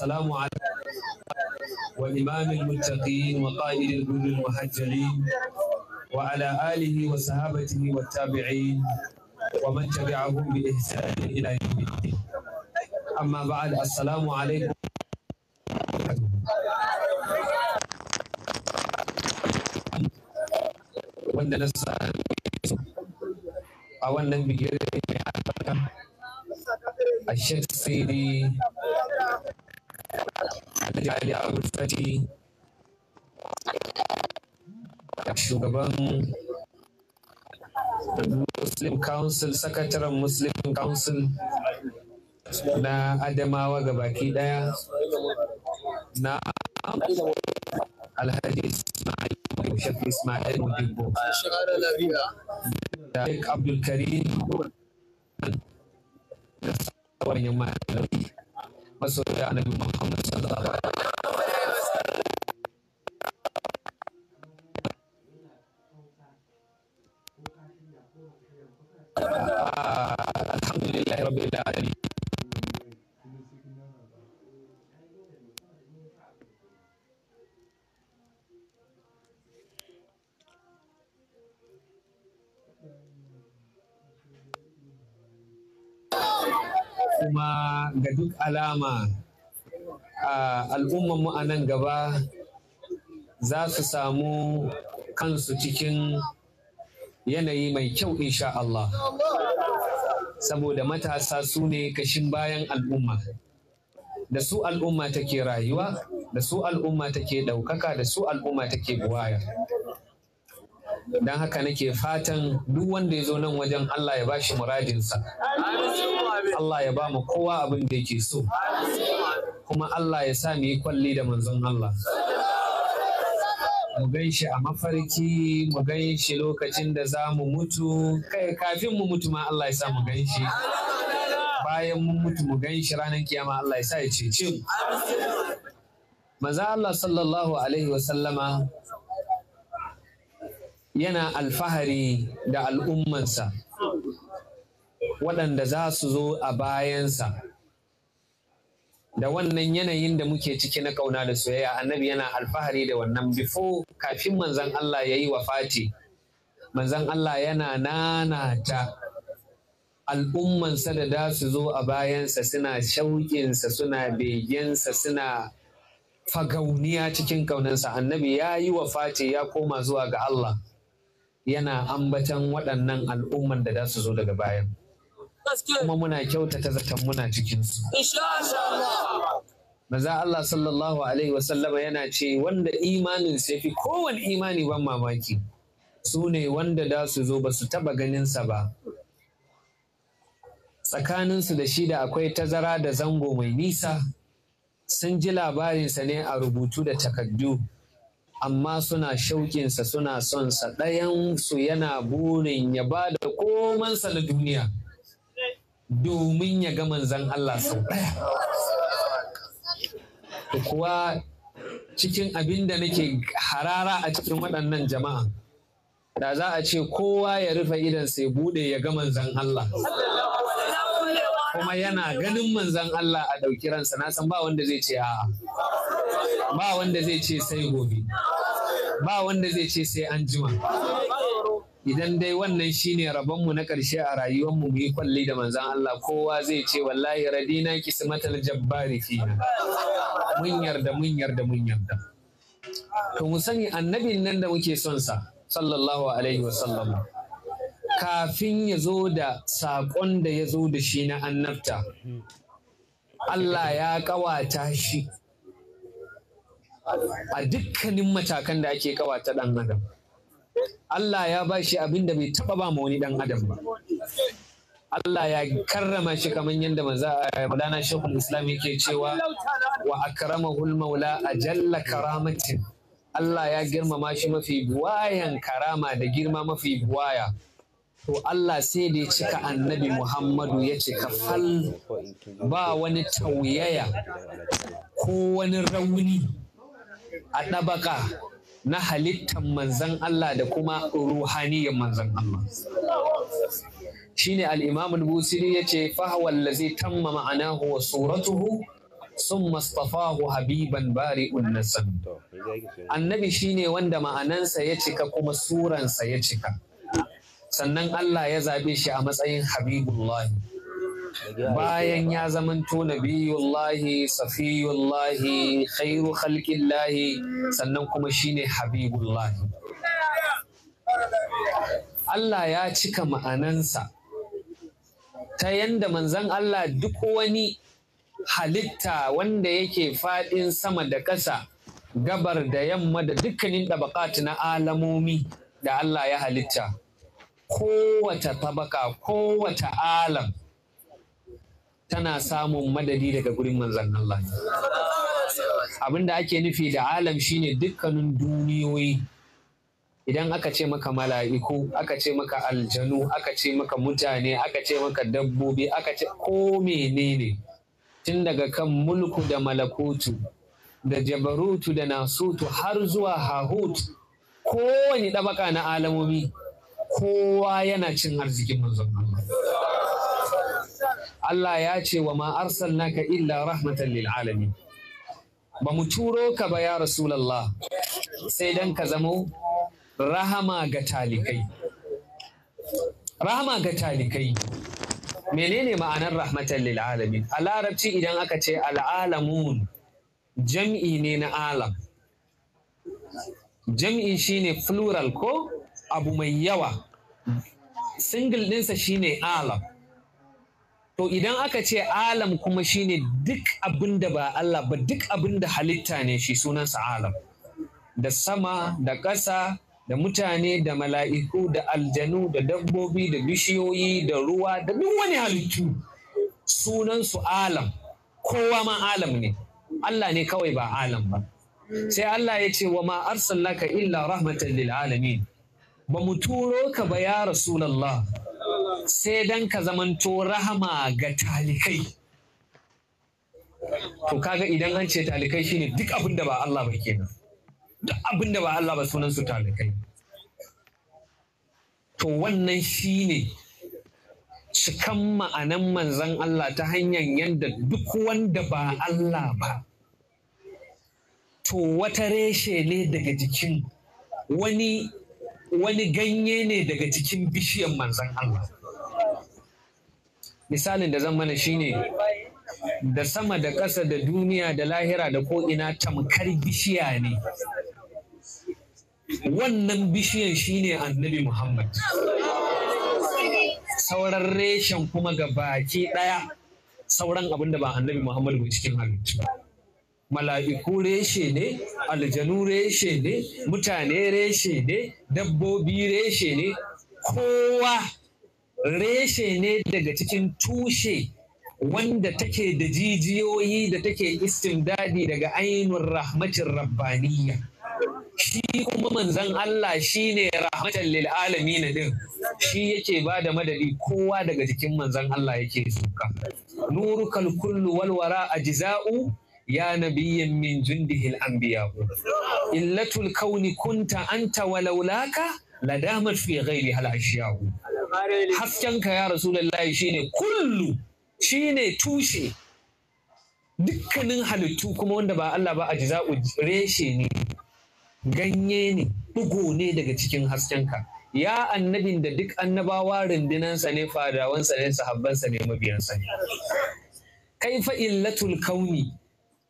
السلام على وإمام المتقين وقائد الجند المهجرين وعلى آله وصحابته والتابعين ومن تبعهم بإحسان إلى يوم الدين أما بعد السلام عليكم wanda na a wannan bigire mai albarka a shek sidi Alhaji Ali Abdul Fati shugaban Muslim Council, sakataren Muslim Council na Adamawa gabaki daya na Alhaji Ismail Shek Ismail Mudibbo. Sheikh Abdul Karim da sauran yamma masoya annabi Muhammad sallallahu alaihi wasallam alhamdulillahi rabbil alamin kuma ga duk alama a mu a nan gaba za su samu kansu cikin yanayi mai kyau insha Allah saboda matasa su ne kashin bayan al'umma da su al'umma take rayuwa da su al'umma take ɗaukaka da su al'umma take buwaya don haka nake fatan duk wanda ya zo nan wajen Allah ya bashi muradinsa Allah ya ba mu kowa abin da yake so kuma Allah ya sa mu yi kwalli da manzon Allah mu gan shi a mafarki mu gan shi lokacin da za mu mutu kai kafin mu mutu ma Allah ya sa mu gan shi bayan mun mutu mu gan shi ranar kiyama Allah ya sa ya cece mu maza Allah sallallahu alaihi wasallama yana alfahari da al'ummansa waɗanda za su zo a bayansa da wannan yanayin da muke ciki na ƙauna da soyayya annabi yana alfahari da wannan bifo kafin manzan Allah ya yi wa fati manzan Allah yana nanata al'ummansa da da su zo a bayansa suna shauƙinsa suna begensa suna fagauniya cikin ƙaunansa, annabi ya yi wa fati ya koma zuwa ga Allah yana ambatan waɗannan al'umman da za su zo daga bayan kuma muna kyautata zaton muna cikinsu maza Allah sallallahu alaihi wasallama yana ce wanda imanin ya fi kowane imani ban mamaki su ne wanda da su zo ba su taba ganinsa ba tsakaninsu da shi da akwai tazara da zango mai nisa sun ji labarinsa ne a rubutu da takaddu amma suna shauƙinsa suna son sa ɗayan su yana burin ya ba da komansa na duniya domin ya ga manzan Allah sau ɗaya. kuwa cikin abin da nake harara a cikin waɗannan jama'a da za a ce kowa ya rufe idan sai buɗe ya ga manzan Allah. kuma yana ganin manzan Allah a ɗauki ransa na san ba wanda zai ce a'a ba wanda zai ce sai gobe ba wanda zai ce sai an jima idan dai wannan shine rabonmu na ƙarshe a rayuwarmu mu yi kwalli da manzan Allah kowa zai ce wallahi radina ki su kismatal jabbari fina mun yarda mun yarda mun yarda to mu sani annabin nan da muke son sa sallallahu alaihi wa sallam. kafin ya zo da saƙon da ya zo da shi na annabta Allah ya ƙawata shi a dukkanin matakan da ake kawa ta ɗan adam Allah ya ba shi abin da bai taɓa ba ma wani ɗan adam ba Allah ya karrama shi kamar yadda eh, Maulana Shekul Islam yake cewa wa akramahul maula ajalla karamatin Allah ya girmama shi mafi buwayan karama da girma mafi buwaya to Allah sai da ya cika annabi Muhammadu ya cika fal ba wani tauyaya ko wani rauni a ɗabaka na halittar manzan Allah da kuma ruhaniyar manzan Allah. Shine ne imam al ya ce, fa da zai tamma ma'anahu wa suratuhu sun mastafahu habiban bari nasam. Annabi shine wanda ma'anansa ya cika kuma suransa ya cika. Sannan Allah ya zabe shi a matsayin Habibullahi. bayan ya zamanto nabiyullahi safiyullahi khairu khalqillahi sannan kuma shine habibullahi Allah ya cika ma'anansa ta yanda manzan Allah duk wani halitta wanda yake faɗin sama da ƙasa gabar da yamma da dukkanin ɗabaƙatu na alamomi da Allah ya halitta kowace tabaka kowace alam tana samun madadi daga gurin manzan Allah abin da ake nufi da alam shine dukkanin duniyoyi idan aka ce maka mala'iku aka ce maka aljanu aka ce maka mutane aka ce maka dabbobi aka ce ko menene tun daga kan mulku da malakutu da jabarutu da nasutu har zuwa hahut kowane ɗabaka na alamomi kowa yana cin arzikin manzon Allah Allah ya ce wa ma naka illa rahmatan lil alami. ba mu turo ka ba ya rasulallah sai dan ka zamo rahama ga talikai rahama ga talikai menene ma'anar rahmatan lil alami? a larabci idan aka ce al'alamun jam'i ne na alam jam'i shine plural ko abu mai yawa single ɗinsa shine alam To idan aka ce alam kuma shine duk abin da ba Allah ba duk abin da halitta ne shi sunansa alam. Da sama, da ƙasa, da mutane, da mala'iku, da aljanu, da dabbobi, da bishiyoyi, da ruwa, da duk wani halittu. Sunansu alam, kowa ma alam ne. Allah ne kawai ba alam ba. Sai Allah ya ce wa ma arsalnaka illa rahmatan lil alamin. Ba mu turo ka ba ya Rasulallah. sai dan ka zamanto rahama ga talikai to kaga idan an ce talikai shine duk abin da ba Allah ba kenan duk abin da ba Allah ba sunan su talikai to wannan shine cikan ma'anan manzan Allah ta hanyar yadda duk wanda ba Allah ba to wata reshe ne daga jikin wani wani ganye ne daga cikin bishiyar manzan Allah misalin da zan mana shine da sama da ƙasa da duniya da lahira da ko'ina tamkar bishiya ne wannan bishiyan shine annabi muhammad sauran reshen kuma ga baki ɗaya sauran abin da ba annabi muhammad ba cikin halittu mala'iku reshe ne aljanu reshe ne mutane reshe ne dabbobi reshe ne kowa reshe ne daga cikin tushe wanda take da jijiyoyi da take istimdadi daga ainihin rahmatin rabbaniya shi kuma manzan Allah shi ne rahmatan lil'alami na din shi yake ba da madadi kowa daga jikin manzan Allah yake suka nuru kullu walwara a jiza'u ya na biyan min jundihil anbiya illatul kauni kunta anta walaulaka ladamat fi ghairi hal haskenka ya shi shine kullu shine tushe dukkanin halittu kuma wanda ba Allah ba a ajza'u reshe ne ganye ne bugo ne daga cikin hasken ka. ya annabin da duk annabawa rundunansa ne fadawansa ne sahabbansa ne mabiyansa ne kai fa illatul kauni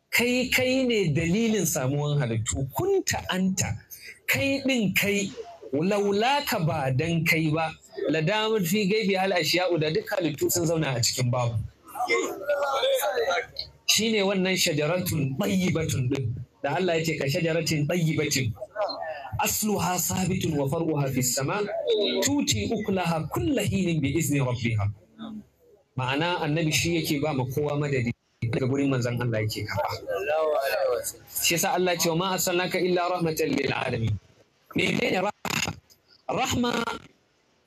kai kai ne dalilin samuwan halittu kunta anta kai din kai laulaka ba dan kai ba la damar fi gaibi hal ashiya'u da duk halittu sun zauna a cikin babu shine wannan shajaratun tayyibatun din da Allah ya ce ka shajaratin tayyibatin asluha sabitun wa far'uha fis sama tuti ukulaha kulla hinin bi izni rabbiha ma'ana annabi shi yake ba ma kowa madadi daga gurin manzon Allah yake kafa shi yasa Allah ce ma arsalnaka illa rahmatan lil alamin menene ne rahma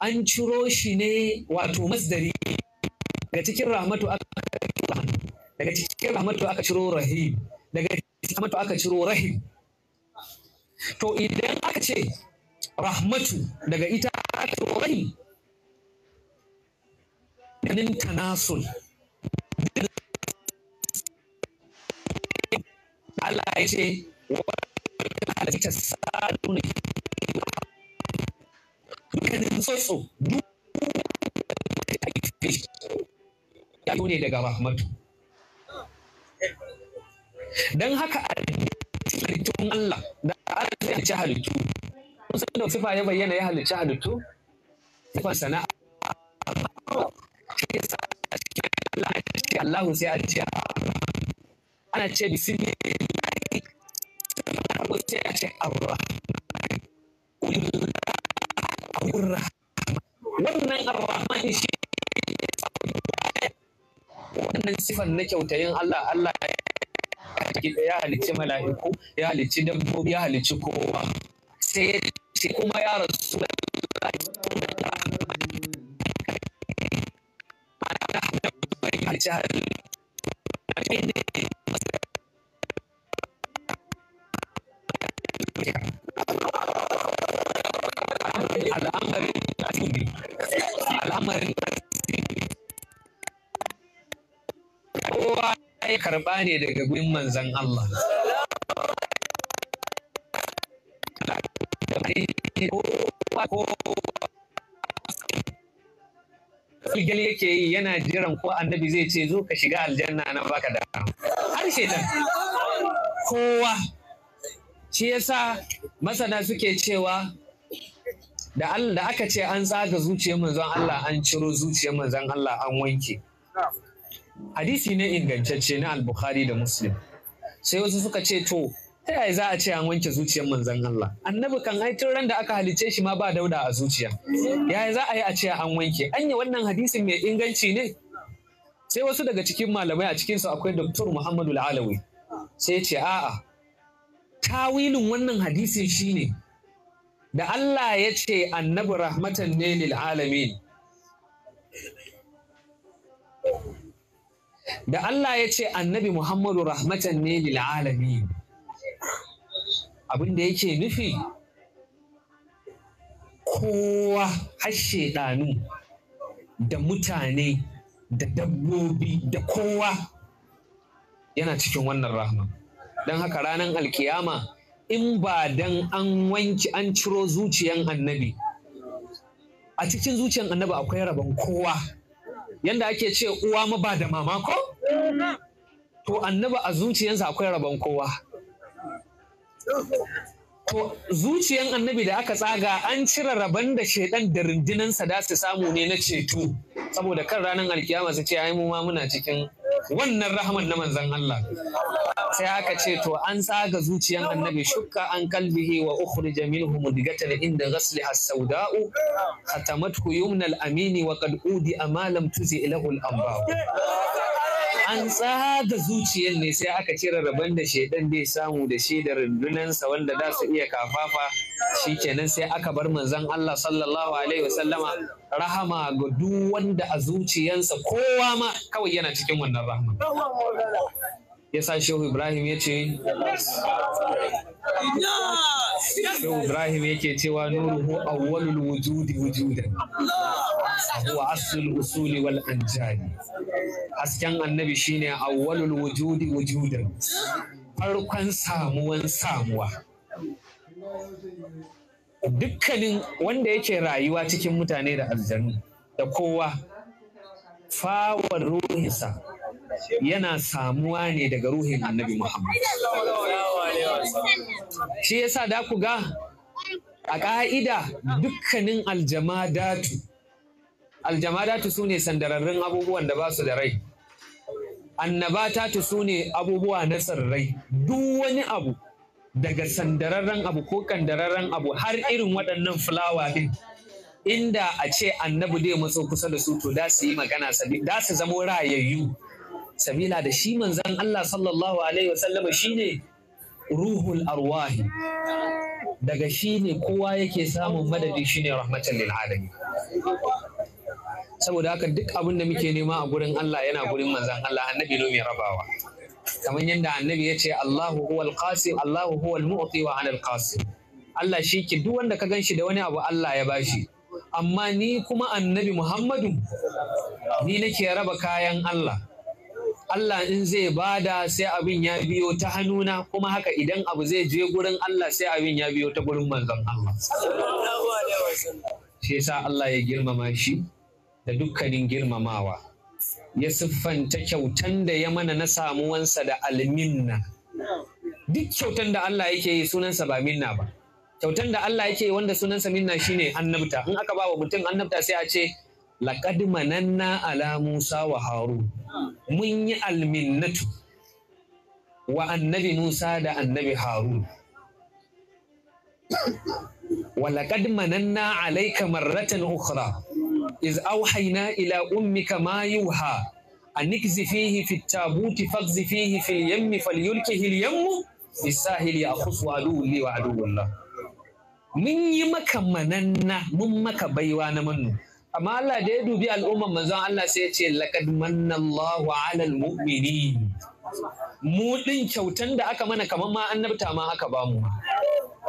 an ciro shi ne wato masdari daga cikin rahmatu aka daga cikin rahmatu aka ciro rahim daga cikin rahmatu aka ciro rahim to idan aka ce rahmatu daga ita aka ciro rahim ganin tanasul Allah ya ce wa ta halitta sa ne da soso, duk ya ne daga rahmatu don haka a halittun Allah da Allah ya halicci halittu kun san da sifa ya bayyana ya halicci halittu sifa sana'a shi yasa a cikin Allah a ce Allahu sai a ce ana ce bismillahi sai a ce Allah wannan arrahman shi wannan sifan na kyautayin Allah Allah ya halicci mala'iku ya halicci dabbobi ya halicci kowa sai ce kuma ya rasu da al'amarin al'amarin kowa ya karba ne daga gurin manzan Allah Filgil yake yana jiran annabi zai ce zo kowa shi yasa masana suke cewa da da aka ce an tsaga zuciyar manzon Allah an ciro zuciyar manzon Allah an wanke hadisi ne ingantacce na al-bukhari da muslim sai wasu suka ce to ta yaya za a ce an wanke zuciyar manzon Allah annabi kan ai tun ran da aka halice shi ma ba dauda a zuciya yaya za a yi a ce an wanke anya wannan hadisin mai inganci ne sai wasu daga cikin malamai a cikinsu akwai Dr. Muhammadu Alawi sai ce a'a tawilin wannan hadisin shine da Allah ya ce annabi rahmatan ne lil alamin da Allah ya ce annabi Muhammadu rahmatan ne lil alamin abin da yake nufi kowa hashe ɗanu da mutane da dabbobi da kowa yana cikin wannan rahma don haka ranar alkiyama in ba dan an wanki an ciro zuciyan annabi a cikin zuciyan annabi akwai rabon kowa yanda ake ce uwa ma ba da mama ko to annabi a zuciyansa akwai rabon kowa to zuciyan annabi da aka tsaga an cire rabon da shaidan da rundunansa da su samu ne na ceto saboda kan ranar alkiyama su ce ai mu ma muna cikin wannan rahman na manzan Allah sai aka ce to an tsaga zuciyan annabi shukka an kalbihi wa ukhrija minhu mudgatan inda ghasliha as-sawda'u khatamathu yumna al-amini wa qad udi amalam tuzi ilahu al an tsaga zuciyar ne sai aka cire rabon da da bai samu da shi da rundunansa wanda za su iya kafafa shikenan sai aka bar manzon Allah sallallahu alaihi wasallama rahama ga duk wanda a zuciyansa kowa ma kawai yana cikin wannan rahama ya sa shehu ibrahim ya ce shehu ibrahim yake cewa nuruhu awwalul wujudi wujudan huwa aslul usuli wal anjani hasken annabi shine awwalul wujudi wujudan farkon samuwan samuwa dukkanin wanda yake rayuwa cikin mutane da aljanu da kowa fawar ruhinsa yana samuwa ne daga ruhin annabi Muhammad. Shi yasa da ku ga a ƙa'ida dukkanin aljamadatu aljamadatu su ne sandararrun abubuwan da ba su da rai annabatatu su ne abubuwa na tsirrai duk wani abu daga sandararren abu ko kandararren abu har irin waɗannan fulawa din inda a ce annabi dai matso kusa da su to da su yi magana da su zamo rayayyu sabila da shi manzan Allah sallallahu alaihi wasallama shi ne ruhul arwahi daga shi ne kowa yake samun madadi ne rahmatan lil saboda haka duk abin da muke nema a gurin Allah yana gurin manzan Allah annabi ne mai rabawa kamar yadda annabi ya ce Allahu huwal Qasi, Allahu huwal mu'ti wa anal Allah shi ke duk wanda ka ganshi da wani abu Allah ya bashi amma ni kuma annabi Muhammadu ni nake raba kayan Allah Allah in zai bada sai abin ya biyo ta hannuna kuma haka idan abu zai je gurin Allah sai abin ya biyo ta gurin manzon Allah shi yasa Allah ya girmama shi da dukkanin girmamawa ya siffanta kyautan da ya mana na samuwansa da alminna duk kyautan da Allah yake yi sunansa ba minna ba kyautan da Allah yake wanda sunansa minna shine annabta in aka ba wa mutum annabta sai a ce laqad mananna ala Musa wa Harun mun yi alminnatu wa annabi Musa da annabi Harun wa laqad mananna alayka marratan ukhra iz auhayna ila ummika ma yuha an nikzifihi fi tabuti fakzifihi fil yammi falyulkihi al yammu bisahili yakhusu aduwwun li wa aduwwullah mun yi maka mananna mun maka baiwa na mannu Amala da ya dubi al'umman manzon Allah sai ya ce laqad manna Allahu 'alal mu'minin mu kyautan da aka mana kaman ma annabta ma aka bamu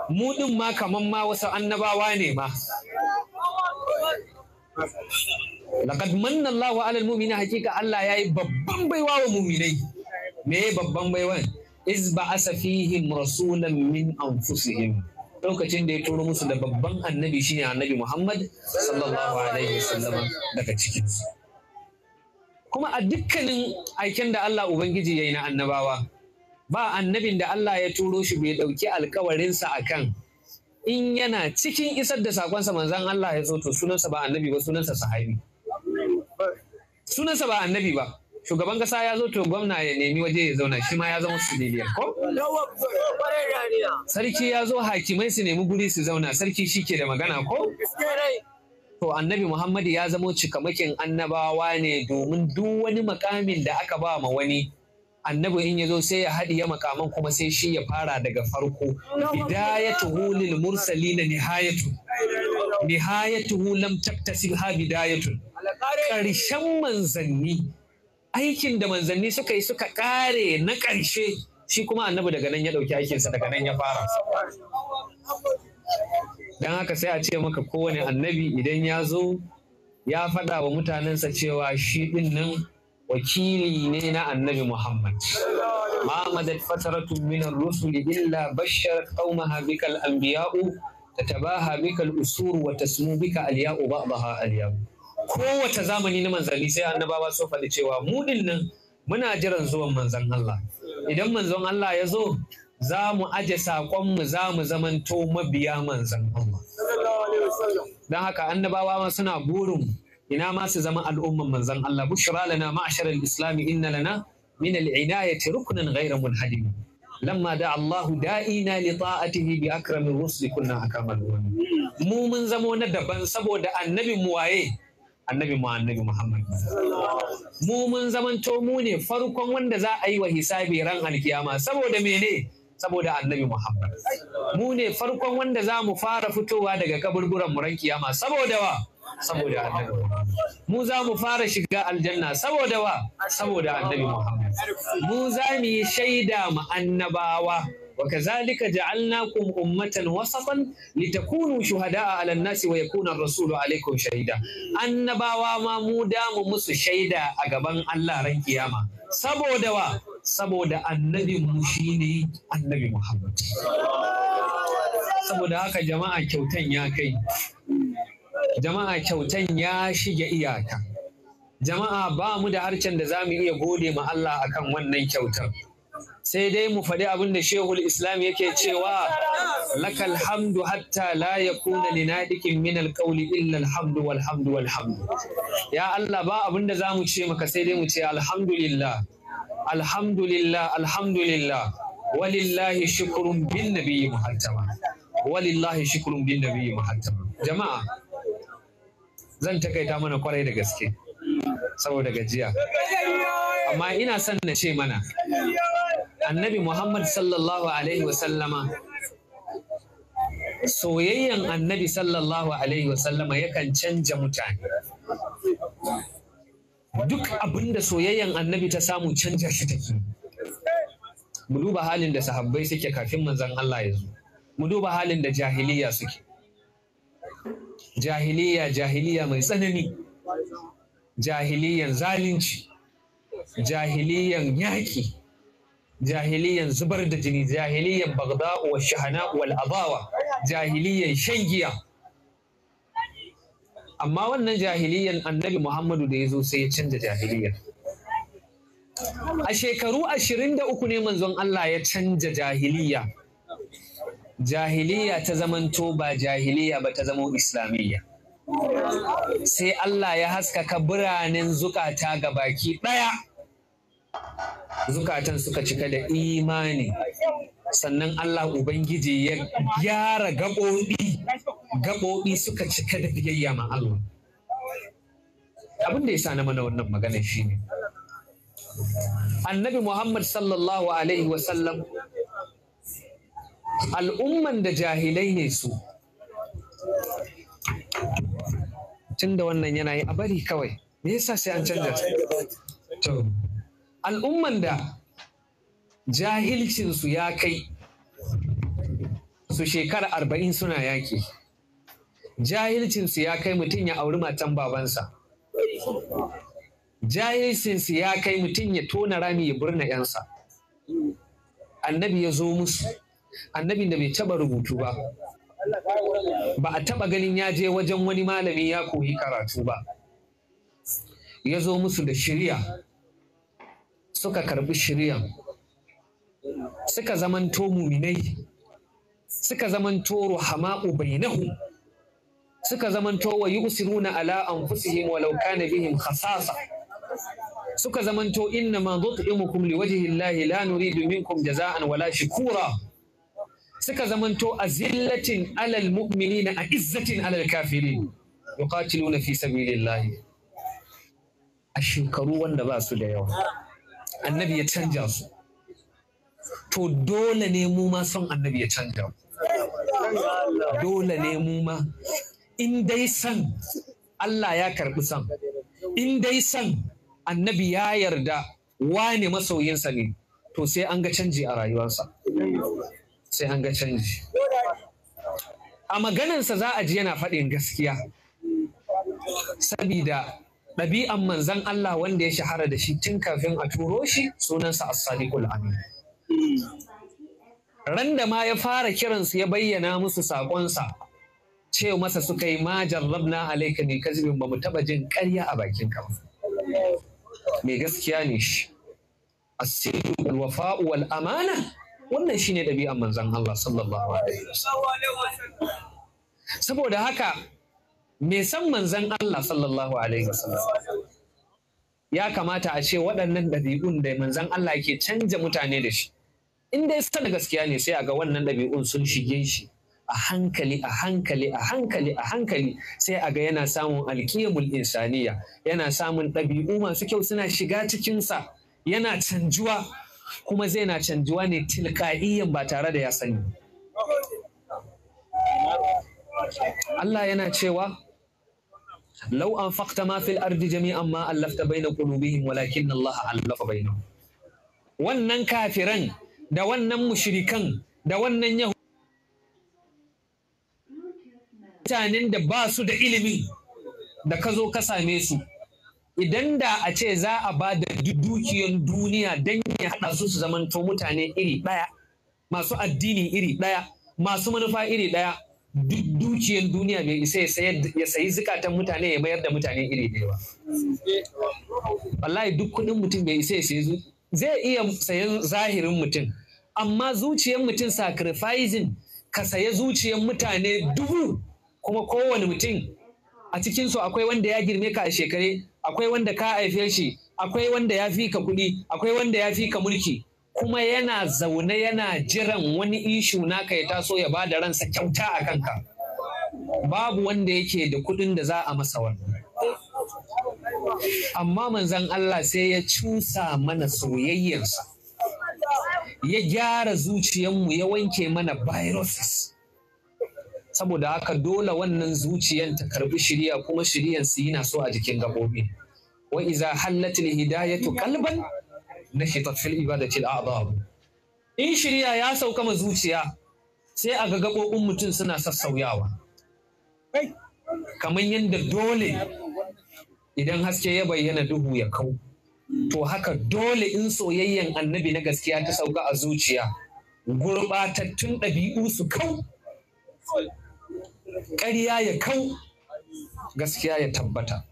Muɗin din ma kaman ma wasu annabawa ne ma laqad manna Allahu 'alal na hakika Allah ya yi babban baiwa wa mu'minai me babban baiwan iz ba'asa fihim rasulan min anfusihim lokacin da ya turo musu da babban annabi shine annabi Muhammad sallallahu alaihi wasallam daga cikin kuma a dukkanin aiken da Allah ubangiji ya yi na annabawa ba annabin da Allah ya turo shi bai dauki alkawarinsa kan. in yana cikin isar da sakonsa manzan Allah ya zo to sunansa ba annabi ba sunansa sahabi sunansa ba annabi ba shugaban kasa ya zo to gwamna ya nemi waje ya zauna shi ma ya zama su ko sarki ya zo hakimai su nemi guri su zauna sarki shi ke da magana ko to annabi muhammadu ya zamo cikamakin annabawa ne domin duk wani makamin da aka ba ma wani annabi in ya zo sai ya haɗiye makaman kuma sai shi ya fara daga farko hidayatuhu lil mursalina nihayatu nihayatuhu lam ha bidayatun karshen manzanni aikin da manzanni suka yi suka kare na karshe shi kuma annabi daga nan ya ɗauki aikinsa daga nan ya fara dan haka sai a ce maka kowane annabi idan ya zo ya faɗa wa mutanensa cewa shi ɗin nan wakili ne na annabi Muhammad. Ma madat fataratun minar rusuli illa bashar qaumaha bika al-anbiya'u tatabaha bika al-usur wa tasmu bika al-ya'u ba'daha al-ya'u. Kowace zamani na manzanni sai annabawa sun faɗi cewa mu nan muna jiran zuwan manzon Allah. Idan manzon Allah ya zo za mu aje saƙonmu za mu zamanto mabiya manzon Allah. Don haka annabawa suna burin ina ma su zama al'umman manzan Allah bushra lana ma'ashar al-islam inna lana min al-inayati ruknan ghayra munhadim lamma da Allah da'ina li ta'atihi bi akramir rusul kunna akamal mu mun zamo na daban saboda annabi mu waye annabi mu annabi Muhammad mu mun zamanto mu ne farkon wanda za a yi wa hisabi ran alkiyama saboda mene saboda annabi Muhammad mu ne farkon wanda za mu fara fitowa daga kaburburan mu ran kiyama saboda wa saboda annabi mu za mu fara shiga aljanna saboda wa saboda annabi Muhammad mu za mu yi shaida ma annabawa وكذلك جعلناكم أمة وسطا لتكونوا شهداء على الناس ويكون الرسول عليكم شهيدا annabawa ma mu damu musu shaida a gaban Allah ran kiyama saboda wa saboda annabi mu shine annabi Muhammad saboda haka jama'a kyautan ya kai jama'a kyautan ya shiga iyaka jama'a ba mu da harcen da za mu iya gode ma Allah akan wannan kyautan. sai dai mu faɗi abin da shehul islam yake cewa lakal hamdu hatta la yakuna li nadikin min alqawli illa alhamdu walhamdu walhamdu ya Allah ba abin da mu ce maka sai dai mu ce alhamdulillah alhamdulillah alhamdulillah walillahi shukrun bin nabiyyi muhattama walillahi shukrun bin nabiyyi muhattama jama'a zan takaita mana kwarai da gaske saboda gajiya amma ina son na ce mana annabi muhammad sallallahu alaihi wasallama soyayyan annabi sallallahu alaihi wasallama yakan canja mutane duk abinda soyayyan annabi ta samu canja shi take mu duba halin da sahabbai suke kafin manzon Allah ya zo mu duba halin da jahiliya suke jahiliya jahiliya mai tsanani jahiliyan zalunci jahiliyan yaƙi jahiliyan zubar da jini jahiliyan bagda'u wa shahana wal abawa jahiliyan shan giya amma wannan jahiliyan annabi muhammadu da ya zo sai ya canza jahiliyan a shekaru ashirin da uku ne manzon Allah ya canja jahiliya jahiliya ta zamanto ba jahiliya ba ta zamo islamiyya sai Allah ya haskaka biranen zukata ga baki ɗaya zukatan suka cika da imani sannan Allah Ubangiji ya gyara gaɓoɓi gaɓoɓi suka cika da biyayya ma Allah abin da ya sa na mana wannan magana shine annabi Muhammad sallallahu alaihi wasallam al'umman da jahilai ne su tun da wannan yanayi a bari kawai me yasa sai an canza to al'umman da jahilcinsu ya kai su shekara arba'in suna yaki jahilcinsu ya kai mutum ya auri matan babansa jahilcinsu ya kai mutum ya tona rami ya burna 'yansa annabi ya zo musu annabin da bai taba rubutu ba ba a taba ganin ya je wajen wani malami ya koyi karatu ba ya zo musu da shirya suka karbi shiryan suka zamanto muminai suka zamanto ruhama'u bainahu suka zamanto wa yusiruna ala anfusihim walau kana bihim khasasa suka zamanto inna ma dhut'imukum liwajhi llahi la nuridu minkum jaza'an wala shukura suka zamanto a zillatin alal na a izzatin alal kafirin yuqatiluna fi sabilillahi a shekaru wanda ba su da yawa annabi ya canja su to dole ne mu ma son annabi ya canja dole ne mu ma in dai san Allah ya karɓi san in dai san annabi ya yarda wane masoyinsa ne to sai an ga canji a rayuwarsa sai an ga canji a maganansa za a ji yana faɗin gaskiya sabida ɗabi'an manzan Allah wanda ya shahara da shi tun kafin a turo shi sunansa as-sadiqul amin ran da ma ya fara kiransu ya bayyana musu saƙonsa ce masa suka yi ma na alaika ne kazibin ba mu taɓa jin karya a bakin ka mai gaskiya ne shi asiru wal wafa'u wal amana wannan shine ɗabi'an manzon Allah sallallahu alaihi wasallam saboda haka me san manzon Allah sallallahu alaihi wasallam ya kamata a ce waɗannan ɗabi'un da manzon Allah yake canja mutane da shi in dai da gaskiya ne sai a ga wannan ɗabi'un sun shige shi a hankali a hankali a hankali a hankali sai a ga yana samun alkiyamul insaniya yana samun ɗabi'u masu kyau suna shiga cikinsa yana canjuwa kuma zai na canjuwa ne tilka'iyyan ba tare da ya sani Allah yana cewa lau an fakta ma fil ardi jami'an ma allafta baina qulubihim walakin Allah allafa bainahum wannan kafiran da wannan mushrikan da wannan yahu mutanen da ba su da ilimi da ka zo ka same su idan da a ce za a ba da dukiyar duniya don ya haɗa su su to mutane iri ɗaya masu addini iri ɗaya masu manufa iri ɗaya duk dukiyar duniya bai isa ya sayi zukatan mutane ya mayar da mutane iri ɗaya ba wallahi duk kuɗin mutum bai isa ya sayi zai iya sayan zahirin mutum amma zuciyar mutum sacrificing ka saya zuciyar mutane dubu kuma kowane mutum a cikinsu akwai wanda ya girme ka a shekare akwai wanda ka haife shi akwai wanda ya fi ka kuɗi akwai wanda ya fi ka mulki kuma yana zaune yana jiran wani ishu naka ya taso ya ba da ransa kyauta a kanka babu wanda yake da kuɗin da za a masa wani. amma manzan Allah sai ya cusa mana soyayyarsa ya gyara zuciyarmu ya wanke mana viruses saboda haka dole wannan zuciyan ta karbi shirya kuma shiryan su yana so a jikin gabobi wa iza hallatil hidayatu qalban nashitat fil ibadati al a'dhab in shirya ya sauka ma zuciya sai a ga gabobin mutum suna sassauyawa kamar yadda dole idan haske ya bayyana duhu ya kau to haka dole in soyayyen annabi na gaskiya ta sauka a zuciya gurbatattun ɗabi'u su kau ƙarya ya kau gaskiya ya tabbata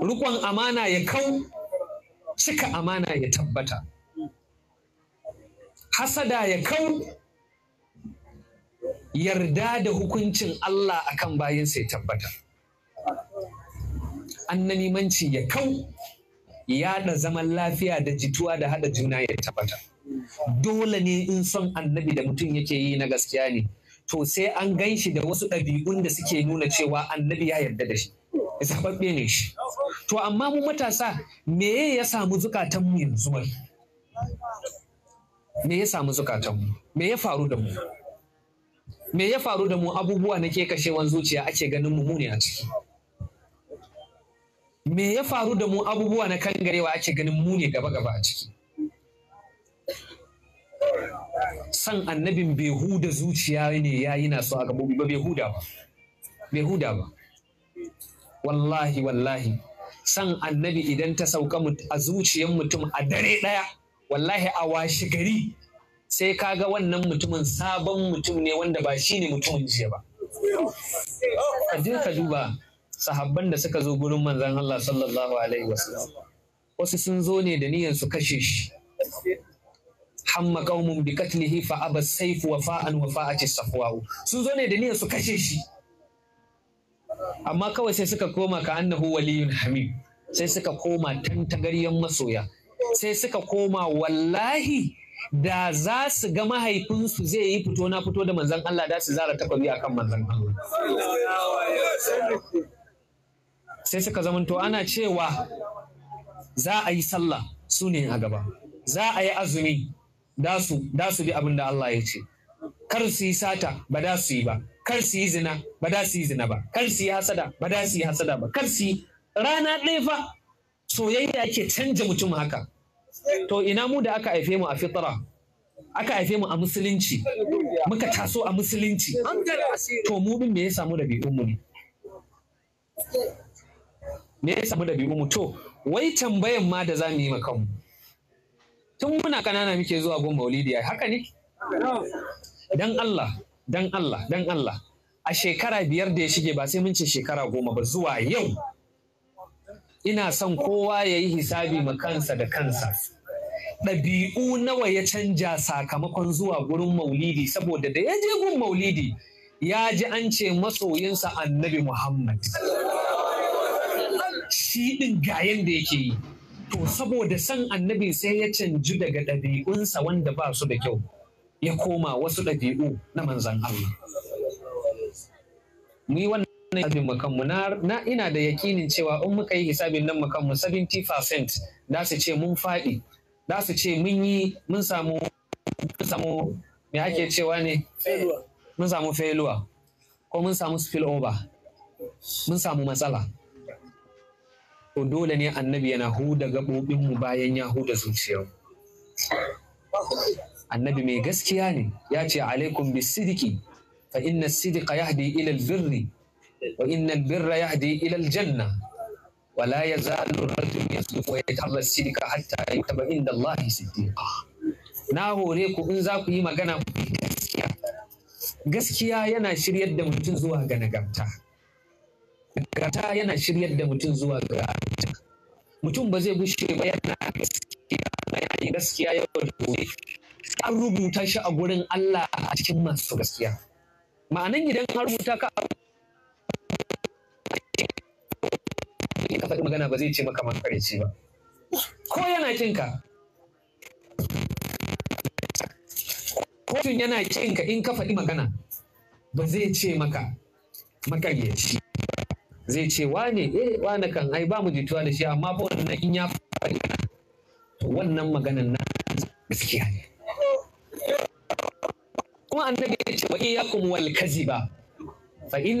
rukon amana ya kau cika amana ya tabbata hasada ya kau yarda da hukuncin Allah akan bayansa ya tabbata annanimanci ya kau yaɗa zaman lafiya da jituwa da haɗa juna ya tabbata dole ne in son annabi da mutum yake yi na gaskiya ne to sai an gan shi da wasu ɗabi'un da suke nuna cewa annabi ya yarda da shi zababbe ne shi to amma mu matasa me ya samu mu yanzu mai me ya samu mu? me ya faru da mu me ya faru da mu abubuwa na ke kashewan zuciya ake ganin mu ne a ciki me ya faru da mu abubuwa na kangarewa ake ganin mu ne gaba gaba a ciki san annabin bai huda zuciya ne ya yi nasu a gabobi ba bai huda ba bai huda ba wallahi wallahi san annabi idan ta sauka a zuciyar mutum a dare ɗaya wallahi a washi gari sai ka ga wannan mutumin sabon mutum ne wanda ba shi ne mutumin jiya ba ka je duba sahabban da suka zo gurin manzan Allah sallallahu alaihi wasu sun zo ne da niyyar su kashe shi hamma qaumun bi qatlihi fa aba sayf wa fa'an wa fa'ati safwahu sun zo ne da niyyar su kashe shi amma kawai sai suka koma ka annahu waliyun hamid sai suka koma tantagaryen masoya sai suka koma wallahi da za su ga mahaifinsu zai yi fito na fito da manzan Allah da su zara takwabi a kan manzan Allah. Sai suka zamanto ana cewa za a yi sallah su ne a gaba, za a yi azumi da su da su bi abin da Allah ya ce kar su yi sata ba da su yi ba kar su yi zina ba da su yi zina ba kar su yi hasada ba da su yi hasada ba kar su yi rana ɗaya fa soyayya ke canja mutum haka to ina mu da aka haife mu a fitara? aka haife mu a musulunci muka taso a musulunci to mu bin me ya samu da mu ne me ya samu da mu to wai tambayan ma da za mu yi ma kanmu tun muna kanana muke zuwa gun maulidi haka ne dan Allah dan Allah dan Allah a shekara biyar da ya shige ba sai mun ce shekara goma ba zuwa yau ina son kowa ya yi hisabi ma kansa da kansa ɗabi'u nawa ya canja sakamakon zuwa gurin maulidi saboda da ya je gun maulidi ya ji an ce masoyinsa annabi muhammad shi ɗin ga yadda yake yi to saboda san annabi sai ya canji daga ɗabi'unsa wanda ba su da kyau ya koma wasu ɗabi'u na manzan Allah mu yi wannan hisabin makamu na ina da yakinin cewa in muka yi hisabin nan makanmu 70% da su ce mun faɗi da su ce mun yi mun samu mun samu me ake cewa ne mun samu failure ko mun samu spillover mun samu matsala to dole ne annabi yana huda gaɓoɓinmu bayan ya huda mu annabi mai gaskiya ne ya ce alaikum sidiki. fa inna sidika yahdi ila albirri wa inna albirra yahdi ila aljanna ar يزال الرجل wa ويتحرى sidiqa hatta يكتب inda Allah sidiqa na hore ku in za ku yi magana gaskiya gaskiya yana shiryar da mutum zuwa ga nagarta gata yana shiryar da mutum zuwa ga mutum ba zai bushe ba yana gaskiya yana gaskiya yau da gobe an rubuta shi a gurin Allah a cikin masu gaskiya ma'anan idan an rubuta ka ka faɗi magana ba zai ce maka makareci ba ko yana kinka kotun yana kinka in ka faɗi magana ba zai ce maka makaryaci zai ce wa wane eh na kan ai ba mu jituwa da shi amma ba wani na in ya faɗi wannan maganan na gaskiya ne kuma an daga ya ce wa iya iyyakum wal kaziba fa in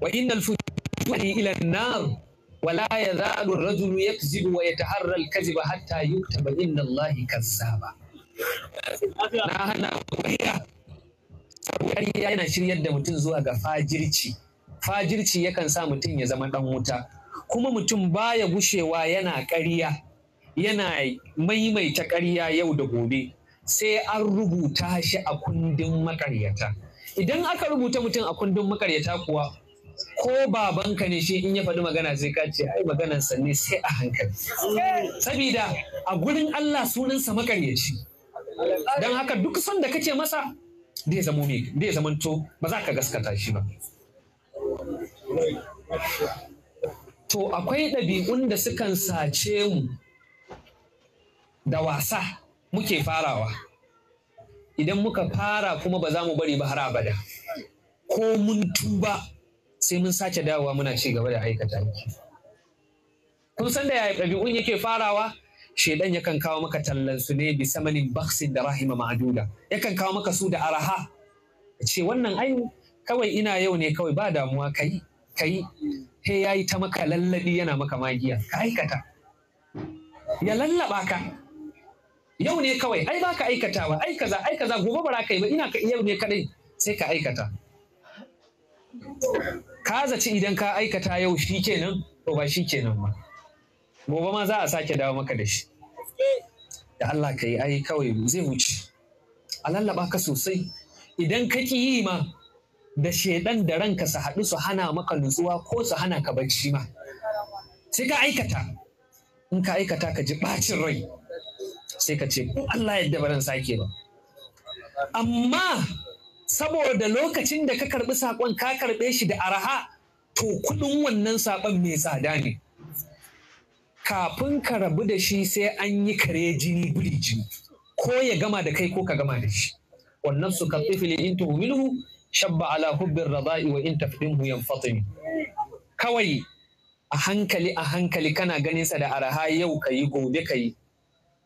wa innal fujuri ila an-nar wa la yazalu ya rajulu yakzibu wa yataharra al ba hatta yuktaba inda Allah kazzaba na hana ƙarya yana shiryar da mutum zuwa ga fajirci fajirci yakan sa mutum ya zama ɗan wuta kuma mutum baya gushewa yana ƙarya yana maimaita ƙarya yau da gobe sai an rubuta shi a kundin makaryata idan aka rubuta mutum a kundin makaryata kuwa ko babanka ne shi in ya faɗi magana sai ka ce ai sa ne sai a hankali sabida a gurin Allah sunansa makaryaci Dan haka duk sanda kace masa zai zama mai zama ba za ka gaskata shi ba to akwai ɗabi'un da sukan sace mu da wasa muke farawa idan muka fara kuma ba za mu bari ba har abada ko mun tuba sai mun sace dawowa muna ci gaba da aikata kun san da yaya ɗabi'un yake farawa shaidan yakan kawo maka tallan su ne bi samanin baksin da rahima ma'aduda yakan kawo maka su da araha ce wannan ai kawai ina yau ne kawai ba damuwa kai kai he yayi ta maka lallabi yana maka magiya ka aikata ya lallaba ka yau ne kawai ai ba ka aikatawa ai kaza ai kaza gobe ba ka yi ba ina yau ne kadai sai ka aikata ka zaci idan ka aikata yau shikenan to ba shikenan ba gobe ma za a sake dawo maka da shi da Allah ka yi ai kawai zai wuce a lallaba ka sosai idan ka ki yi ma da shaidan da ranka su haɗu su hana maka nutsuwa ko su hana ka bacci ma sai ka aikata in ka aikata ka ji ɓacin rai sai ka ce ko Allah yadda baran sake ba amma saboda lokacin da ka karɓi saƙon ka karɓe shi da araha to kuɗin wannan saƙon mai tsada ne kafin ka rabu da shi sai an yi kare jini guri jini ko ya gama da kai ko ka gama da shi wannan su fi tsifili in tuhumilhu shabba ala hubbin raba'i wa in tafdinhu yanfatimi kawai a hankali a hankali kana ganin sa da araha yau ka yi gobe ka yi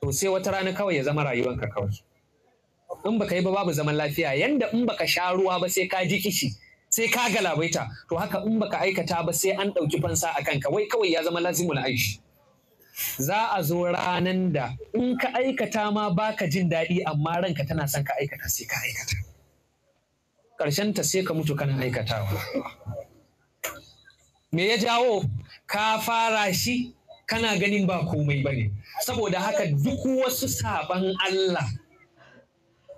to sai wata rana kawai ya zama rayuwanka kawai in baka yi ba babu zaman lafiya yanda in baka sha ruwa ba sai ka ji kishi sai ka galabaita to haka in baka aikata ba sai an ɗauki fansa a kanka wai kawai ya zama lazimul aishi za a zo ranan da in ka aikata ma baka jin daɗi amma ranka tana son ka aikata sai ka aikata ƙarshen ta sai ka mutu kana aikatawa me ya jawo ka fara shi kana ganin ba komai ba ne saboda haka duk wasu saban Allah